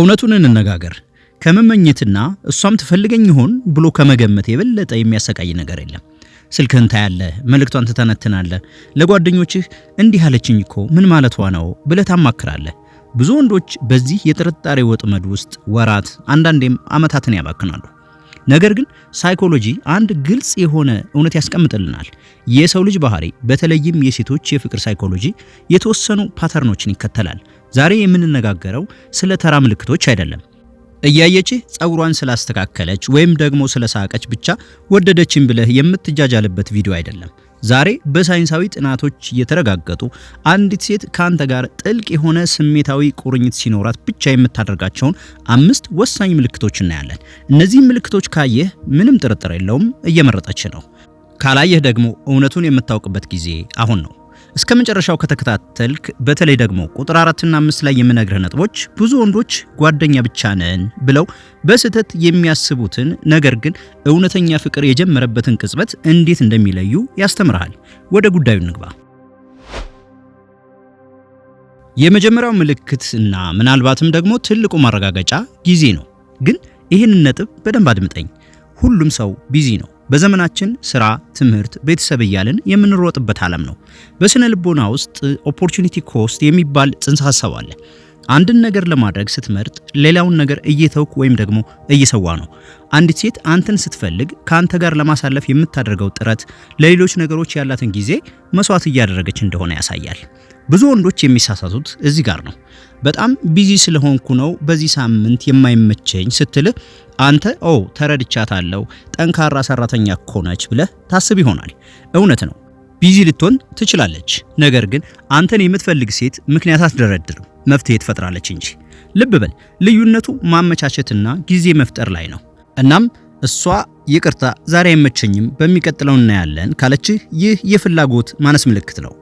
እውነቱን እንነጋገር፣ ከመመኘትና እሷም ትፈልገኝ ይሆን ብሎ ከመገመት የበለጠ የሚያሰቃይ ነገር የለም። ስልክህን ታያለህ፣ መልእክቷን ትተነትናለህ፣ ለጓደኞችህ እንዲህ አለችኝ እኮ ምን ማለቷ ነው ብለህ ታማክራለህ። ብዙ ወንዶች በዚህ የጥርጣሬ ወጥመድ ውስጥ ወራት አንዳንዴም ዓመታትን ያባክናሉ። ነገር ግን ሳይኮሎጂ አንድ ግልጽ የሆነ እውነት ያስቀምጥልናል። የሰው ልጅ ባህሪ በተለይም የሴቶች የፍቅር ሳይኮሎጂ የተወሰኑ ፓተርኖችን ይከተላል። ዛሬ የምንነጋገረው ስለ ተራ ምልክቶች አይደለም። እያየችህ ጸጉሯን ስላስተካከለች ወይም ደግሞ ስለሳቀች ብቻ ወደደችን ብለህ የምትጃጃልበት ቪዲዮ አይደለም። ዛሬ በሳይንሳዊ ጥናቶች የተረጋገጡ አንዲት ሴት ከአንተ ጋር ጥልቅ የሆነ ስሜታዊ ቁርኝት ሲኖራት ብቻ የምታደርጋቸውን አምስት ወሳኝ ምልክቶች እናያለን። እነዚህ ምልክቶች ካየህ ምንም ጥርጥር የለውም እየመረጠች ነው። ካላየህ ደግሞ እውነቱን የምታውቅበት ጊዜ አሁን ነው። እስከ መጨረሻው ከተከታተልክ በተለይ ደግሞ ቁጥር አራትና አምስት ላይ የምነግርህ ነጥቦች ብዙ ወንዶች ጓደኛ ብቻ ነን ብለው በስህተት የሚያስቡትን ነገር ግን እውነተኛ ፍቅር የጀመረበትን ቅጽበት እንዴት እንደሚለዩ ያስተምርሃል። ወደ ጉዳዩ እንግባ። የመጀመሪያው ምልክት እና ምናልባትም ደግሞ ትልቁ ማረጋገጫ ጊዜ ነው። ግን ይህንን ነጥብ በደንብ አድምጠኝ። ሁሉም ሰው ቢዚ ነው። በዘመናችን ስራ፣ ትምህርት፣ ቤተሰብ እያልን የምንሮጥበት ዓለም ነው። በስነ ልቦና ውስጥ ኦፖርቹኒቲ ኮስት የሚባል ጽንሰ ሐሳብ አለ። አንድን ነገር ለማድረግ ስትመርጥ ሌላውን ነገር እየተውክ ወይም ደግሞ እየሰዋ ነው። አንዲት ሴት አንተን ስትፈልግ ከአንተ ጋር ለማሳለፍ የምታደርገው ጥረት ለሌሎች ነገሮች ያላትን ጊዜ መስዋዕት እያደረገች እንደሆነ ያሳያል። ብዙ ወንዶች የሚሳሳቱት እዚህ ጋር ነው። በጣም ቢዚ ስለሆንኩ ነው በዚህ ሳምንት የማይመቸኝ ስትል አንተ ኦ ተረድቻታለሁ፣ ጠንካራ ሰራተኛ እኮ ነች ብለህ ታስብ ይሆናል። እውነት ነው፣ ቢዚ ልትሆን ትችላለች። ነገር ግን አንተን የምትፈልግ ሴት ምክንያት አትደረድርም፣ መፍትሄ ትፈጥራለች እንጂ። ልብ በል ልዩነቱ ማመቻቸትና ጊዜ መፍጠር ላይ ነው። እናም እሷ ይቅርታ ዛሬ አይመቸኝም በሚቀጥለው እናያለን ካለችህ ይህ የፍላጎት ማነስ ምልክት ነው።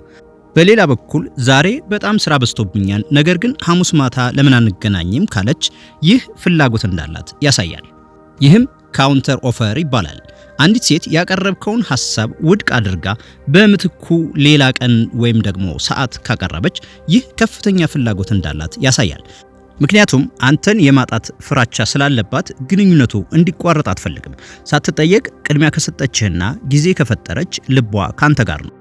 በሌላ በኩል ዛሬ በጣም ስራ በዝቶብኛል፣ ነገር ግን ሐሙስ ማታ ለምን አንገናኝም ካለች ይህ ፍላጎት እንዳላት ያሳያል። ይህም ካውንተር ኦፈር ይባላል። አንዲት ሴት ያቀረብከውን ሐሳብ ውድቅ አድርጋ በምትኩ ሌላ ቀን ወይም ደግሞ ሰዓት ካቀረበች ይህ ከፍተኛ ፍላጎት እንዳላት ያሳያል። ምክንያቱም አንተን የማጣት ፍራቻ ስላለባት ግንኙነቱ እንዲቋረጥ አትፈልግም። ሳትጠየቅ ቅድሚያ ከሰጠችህና ጊዜ ከፈጠረች ልቧ ካንተ ጋር ነው።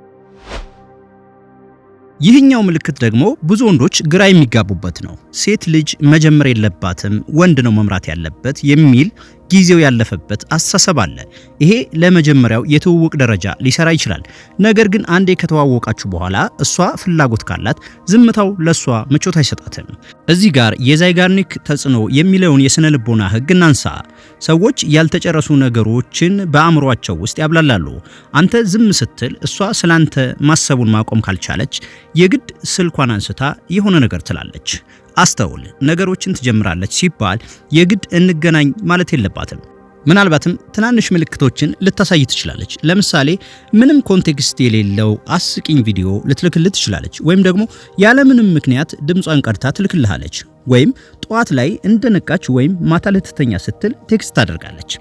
ይህኛው ምልክት ደግሞ ብዙ ወንዶች ግራ የሚጋቡበት ነው። ሴት ልጅ መጀመር የለባትም ወንድ ነው መምራት ያለበት የሚል ጊዜው ያለፈበት አስተሳሰብ አለ። ይሄ ለመጀመሪያው የትውውቅ ደረጃ ሊሰራ ይችላል። ነገር ግን አንዴ ከተዋወቃችሁ በኋላ እሷ ፍላጎት ካላት ዝምታው ለእሷ ምቾት አይሰጣትም። እዚህ ጋር የዛይጋርኒክ ተጽዕኖ የሚለውን የስነ ልቦና ህግ እናንሳ። ሰዎች ያልተጨረሱ ነገሮችን በአእምሯቸው ውስጥ ያብላላሉ። አንተ ዝም ስትል እሷ ስላንተ ማሰቡን ማቆም ካልቻለች የግድ ስልኳን አንስታ የሆነ ነገር ትላለች። አስተውል፣ ነገሮችን ትጀምራለች ሲባል የግድ እንገናኝ ማለት የለባትም። ምናልባትም ትናንሽ ምልክቶችን ልታሳይ ትችላለች። ለምሳሌ ምንም ኮንቴክስት የሌለው አስቂኝ ቪዲዮ ልትልክልህ ትችላለች። ወይም ደግሞ ያለምንም ምክንያት ድምጿን ቀድታ ትልክልሃለች። ወይም ጠዋት ላይ እንደነቃች ወይም ማታ ልትተኛ ስትል ቴክስት ታደርጋለች።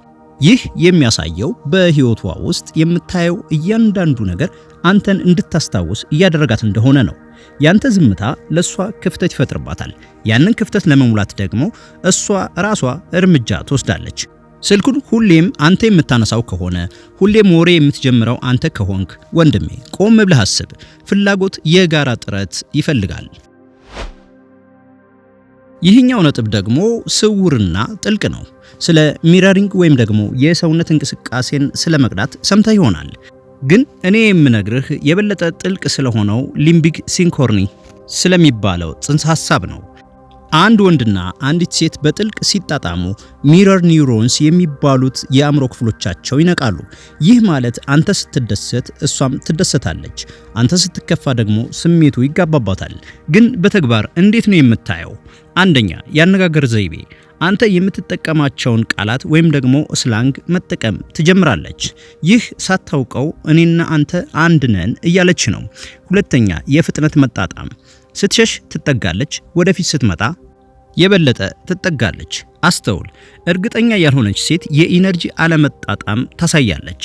ይህ የሚያሳየው በህይወቷ ውስጥ የምታየው እያንዳንዱ ነገር አንተን እንድታስታውስ እያደረጋት እንደሆነ ነው። ያንተ ዝምታ ለእሷ ክፍተት ይፈጥርባታል። ያንን ክፍተት ለመሙላት ደግሞ እሷ ራሷ እርምጃ ትወስዳለች። ስልኩን ሁሌም አንተ የምታነሳው ከሆነ ሁሌም ወሬ የምትጀምረው አንተ ከሆንክ ወንድሜ ቆም ብለህ አስብ። ፍላጎት የጋራ ጥረት ይፈልጋል። ይህኛው ነጥብ ደግሞ ስውርና ጥልቅ ነው። ስለ ሚረሪንግ ወይም ደግሞ የሰውነት እንቅስቃሴን ስለ መቅዳት ሰምተህ ይሆናል። ግን እኔ የምነግርህ የበለጠ ጥልቅ ስለሆነው ሊምቢክ ሲንኮርኒ ስለሚባለው ጽንሰ ሐሳብ ነው። አንድ ወንድና አንዲት ሴት በጥልቅ ሲጣጣሙ ሚረር ኒውሮንስ የሚባሉት የአእምሮ ክፍሎቻቸው ይነቃሉ። ይህ ማለት አንተ ስትደሰት እሷም ትደሰታለች፣ አንተ ስትከፋ ደግሞ ስሜቱ ይጋባባታል። ግን በተግባር እንዴት ነው የምታየው? አንደኛ የአነጋገር ዘይቤ አንተ የምትጠቀማቸውን ቃላት ወይም ደግሞ ስላንግ መጠቀም ትጀምራለች። ይህ ሳታውቀው እኔና አንተ አንድ ነን እያለች ነው። ሁለተኛ የፍጥነት መጣጣም፣ ስትሸሽ ትጠጋለች፣ ወደፊት ስትመጣ የበለጠ ትጠጋለች። አስተውል፣ እርግጠኛ ያልሆነች ሴት የኢነርጂ አለመጣጣም ታሳያለች።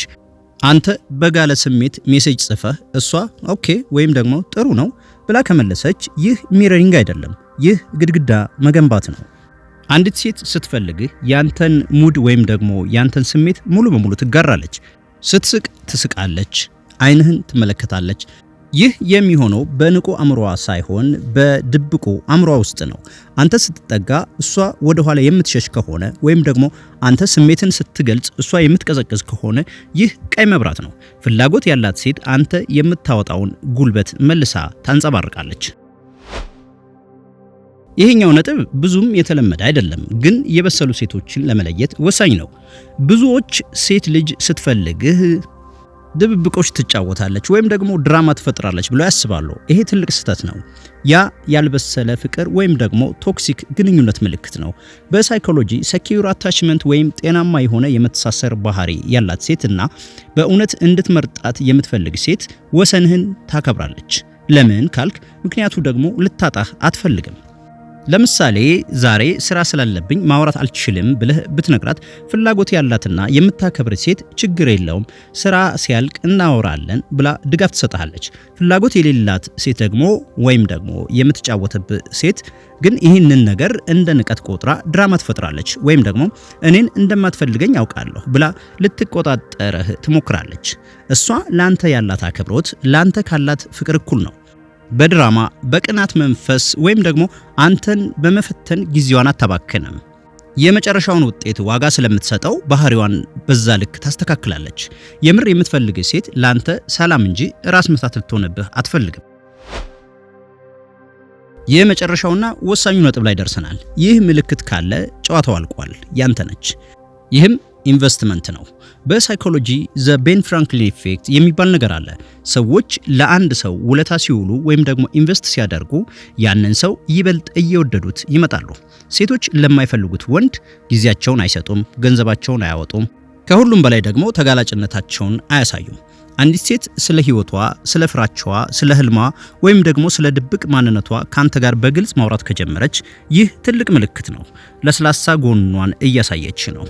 አንተ በጋለ ስሜት ሜሴጅ ጽፈህ እሷ ኦኬ ወይም ደግሞ ጥሩ ነው ብላ ከመለሰች ይህ ሚረሪንግ አይደለም፣ ይህ ግድግዳ መገንባት ነው። አንዲት ሴት ስትፈልግህ ያንተን ሙድ ወይም ደግሞ ያንተን ስሜት ሙሉ በሙሉ ትጋራለች። ስትስቅ ትስቃለች፣ አይንህን ትመለከታለች። ይህ የሚሆነው በንቁ አእምሮዋ ሳይሆን በድብቁ አእምሮዋ ውስጥ ነው። አንተ ስትጠጋ እሷ ወደ ኋላ የምትሸሽ ከሆነ ወይም ደግሞ አንተ ስሜትን ስትገልጽ እሷ የምትቀዘቅዝ ከሆነ ይህ ቀይ መብራት ነው። ፍላጎት ያላት ሴት አንተ የምታወጣውን ጉልበት መልሳ ታንጸባርቃለች። ይሄኛው ነጥብ ብዙም የተለመደ አይደለም፣ ግን የበሰሉ ሴቶችን ለመለየት ወሳኝ ነው። ብዙዎች ሴት ልጅ ስትፈልግህ ድብብቆች ትጫወታለች ወይም ደግሞ ድራማ ትፈጥራለች ብለው ያስባሉ። ይሄ ትልቅ ስህተት ነው። ያ ያልበሰለ ፍቅር ወይም ደግሞ ቶክሲክ ግንኙነት ምልክት ነው። በሳይኮሎጂ ሰኪዩር አታችመንት ወይም ጤናማ የሆነ የመተሳሰር ባህሪ ያላት ሴት እና በእውነት እንድትመርጣት የምትፈልግ ሴት ወሰንህን ታከብራለች። ለምን ካልክ፣ ምክንያቱ ደግሞ ልታጣህ አትፈልግም። ለምሳሌ ዛሬ ስራ ስላለብኝ ማውራት አልችልም ብለህ ብትነግራት ፍላጎት ያላትና የምታከብር ሴት ችግር የለውም ስራ ሲያልቅ እናወራለን ብላ ድጋፍ ትሰጥሃለች። ፍላጎት የሌላት ሴት ደግሞ ወይም ደግሞ የምትጫወትብህ ሴት ግን ይህንን ነገር እንደ ንቀት ቆጥራ ድራማ ትፈጥራለች። ወይም ደግሞ እኔን እንደማትፈልገኝ አውቃለሁ ብላ ልትቆጣጠረህ ትሞክራለች። እሷ ለአንተ ያላት አክብሮት ለአንተ ካላት ፍቅር እኩል ነው። በድራማ በቅናት መንፈስ ወይም ደግሞ አንተን በመፈተን ጊዜዋን አታባክንም። የመጨረሻውን ውጤት ዋጋ ስለምትሰጠው ባህሪዋን በዛ ልክ ታስተካክላለች። የምር የምትፈልግ ሴት ላንተ ሰላም እንጂ ራስ መሳት ልትሆንብህ አትፈልግም። የመጨረሻውና ወሳኙ ነጥብ ላይ ደርሰናል። ይህ ምልክት ካለ ጨዋታው አልቋል፣ ያንተ ነች። ይህም ኢንቨስትመንት ነው። በሳይኮሎጂ ዘ ቤን ፍራንክሊን ኢፌክት የሚባል ነገር አለ። ሰዎች ለአንድ ሰው ውለታ ሲውሉ ወይም ደግሞ ኢንቨስት ሲያደርጉ ያንን ሰው ይበልጥ እየወደዱት ይመጣሉ። ሴቶች ለማይፈልጉት ወንድ ጊዜያቸውን አይሰጡም፣ ገንዘባቸውን አያወጡም፣ ከሁሉም በላይ ደግሞ ተጋላጭነታቸውን አያሳዩም። አንዲት ሴት ስለ ህይወቷ፣ ስለ ፍራቻዋ፣ ስለ ህልሟ ወይም ደግሞ ስለ ድብቅ ማንነቷ ካንተ ጋር በግልጽ ማውራት ከጀመረች ይህ ትልቅ ምልክት ነው። ለስላሳ ጎኗን እያሳየች ነው።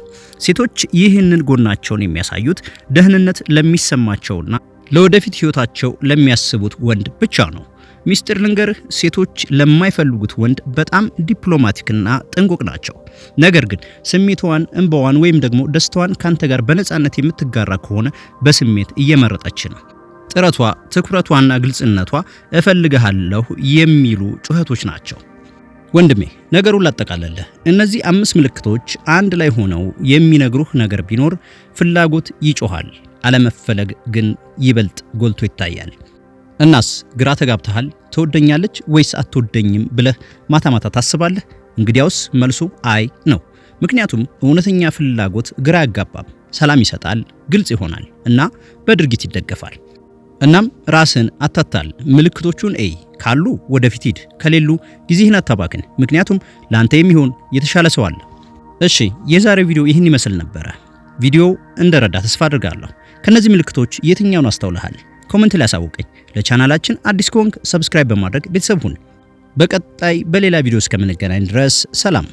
ሴቶች ይህንን ጎናቸውን የሚያሳዩት ደህንነት ለሚሰማቸውና ለወደፊት ህይወታቸው ለሚያስቡት ወንድ ብቻ ነው። ሚስጢር ልንገርህ፣ ሴቶች ለማይፈልጉት ወንድ በጣም ዲፕሎማቲክና ጥንቁቅ ናቸው። ነገር ግን ስሜቷን፣ እንባዋን ወይም ደግሞ ደስታዋን ካንተ ጋር በነፃነት የምትጋራ ከሆነ በስሜት እየመረጠች ነው። ጥረቷ፣ ትኩረቷና ግልጽነቷ እፈልግሃለሁ የሚሉ ጩኸቶች ናቸው። ወንድሜ ነገሩን ላጠቃለልህ፣ እነዚህ አምስት ምልክቶች አንድ ላይ ሆነው የሚነግሩህ ነገር ቢኖር ፍላጎት ይጮሃል፣ አለመፈለግ ግን ይበልጥ ጎልቶ ይታያል። እናስ ግራ ተጋብተሃል። ትወደኛለች ወይስ አትወደኝም ብለህ ማታ ማታ ታስባለህ? እንግዲያውስ መልሱ አይ ነው። ምክንያቱም እውነተኛ ፍላጎት ግራ ያጋባም፣ ሰላም ይሰጣል፣ ግልጽ ይሆናል እና በድርጊት ይደገፋል። እናም ራስን አታታል። ምልክቶቹን እይ፣ ካሉ ወደፊት ሂድ፣ ከሌሉ ጊዜህን አታባክን። ምክንያቱም ለአንተ የሚሆን የተሻለ ሰው አለ። እሺ የዛሬው ቪዲዮ ይህን ይመስል ነበረ። ቪዲዮው እንደረዳ ተስፋ አድርጋለሁ። ከነዚህ ምልክቶች የትኛውን አስተውለሃል? ኮመንት ላይ አሳውቀኝ። ለቻናላችን አዲስ ከሆንክ ሰብስክራይብ በማድረግ ቤተሰብ ሁን። በቀጣይ በሌላ ቪዲዮ እስከምንገናኝ ድረስ ሰላም።